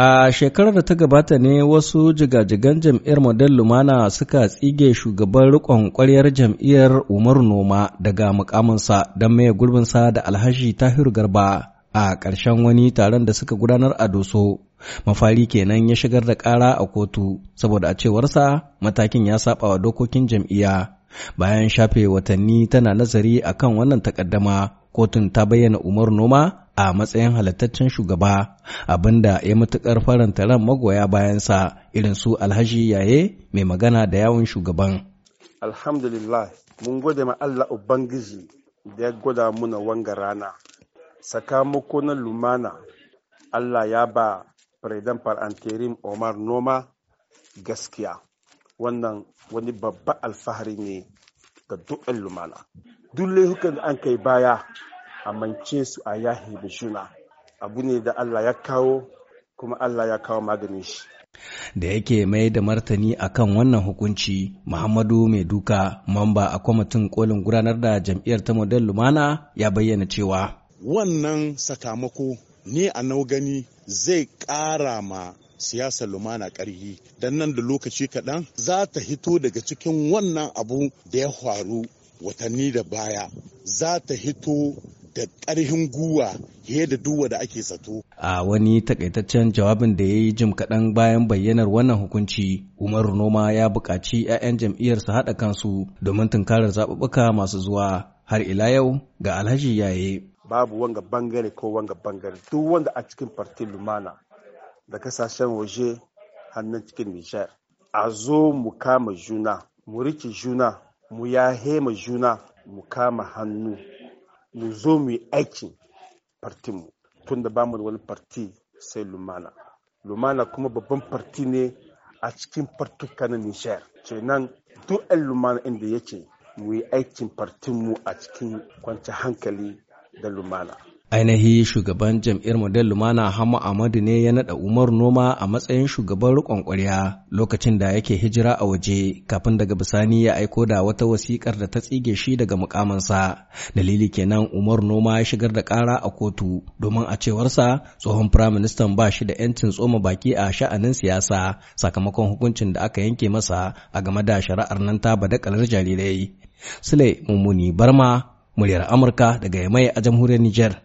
A shekarar da ta gabata ne wasu jigajigan jam'iyyar Model Lumana suka tsige shugaban rikon kwaryar jam'iyyar Umaru Noma daga mukaminsa don maye gurbinsa da Alhaji Tahiru Garba a ƙarshen wani taron da suka gudanar a Doso. Mafari kenan ya shigar da ƙara a kotu saboda a cewarsa matakin ya saba wa dokokin jam'iyya. Bayan shafe watanni tana nazari akan wannan takaddama, kotun ta bayyana Umaru Noma a matsayin halittaccen shugaba abinda ya matukar faranta ran magoya bayansa irin su alhaji yaye mai magana da yawon shugaban. Alhamdulillah mun gode ma Allah Ubangiji da ya gwada muna wanga rana. Sakamako na lumana Allah ya ba President anterim Omar Noma gaskiya. Wannan wani babba alfahari ne ga duk lumana. Duk laifukan da an kai baya amince su a yahi da shuna abu ne da Allah ya kawo kuma Allah ya kawo maganin shi da yake mai da martani akan wannan hukunci muhammadu mai duka mamba a kwamitin kolin gudanar da jam'iyyar ta model lumana ya bayyana cewa wannan sakamako ne a nau zai ƙara ma siyasar lumana ƙarfi dan nan da lokaci kaɗan za ta hito daga cikin wannan abu da ya faru watanni da baya za ta hito da ƙarfin guwa fiye da duwa da ake zato. A wani takaitaccen jawabin da ya yi jim kaɗan bayan bayyanar wannan hukunci, Umaru Noma ya buƙaci 'ya'yan jam'iyyar su haɗa kansu domin tunkarar zaɓuɓɓuka masu zuwa har ila yau ga Alhaji Yaye. Babu wanga bangare ko wanga bangare duk wanda a cikin fartin lumana da kasashen waje hannun cikin Nijar. A zo mu kama juna, mu rike juna, mu yahe ma juna, mu kama hannu mu zo mu yi aikin partinmu tunda da bamu da wani parti sai lumana lumana kuma babban farti ne a cikin fartuka na nishar kenan duk yan lumana inda yake mu yi aikin fartinmu a cikin kwanci hankali da lumana ainihi shugaban jam'iyyar model lumana hama amadu ne ya naɗa umar noma a matsayin shugaban rikon ƙwarya lokacin da yake hijira a waje kafin daga bisani ya aiko da wata wasiƙar da ta tsige shi daga mukamansa dalili kenan umar noma ya shigar da ƙara a kotu domin a cewarsa tsohon firaministan ba shi da 'yancin tsoma baki a sha'anin siyasa sakamakon hukuncin da aka yanke masa a game da shari'ar nan ta badakalar jarirai sule mummuni barma muryar amurka daga yamai a jamhuriyar niger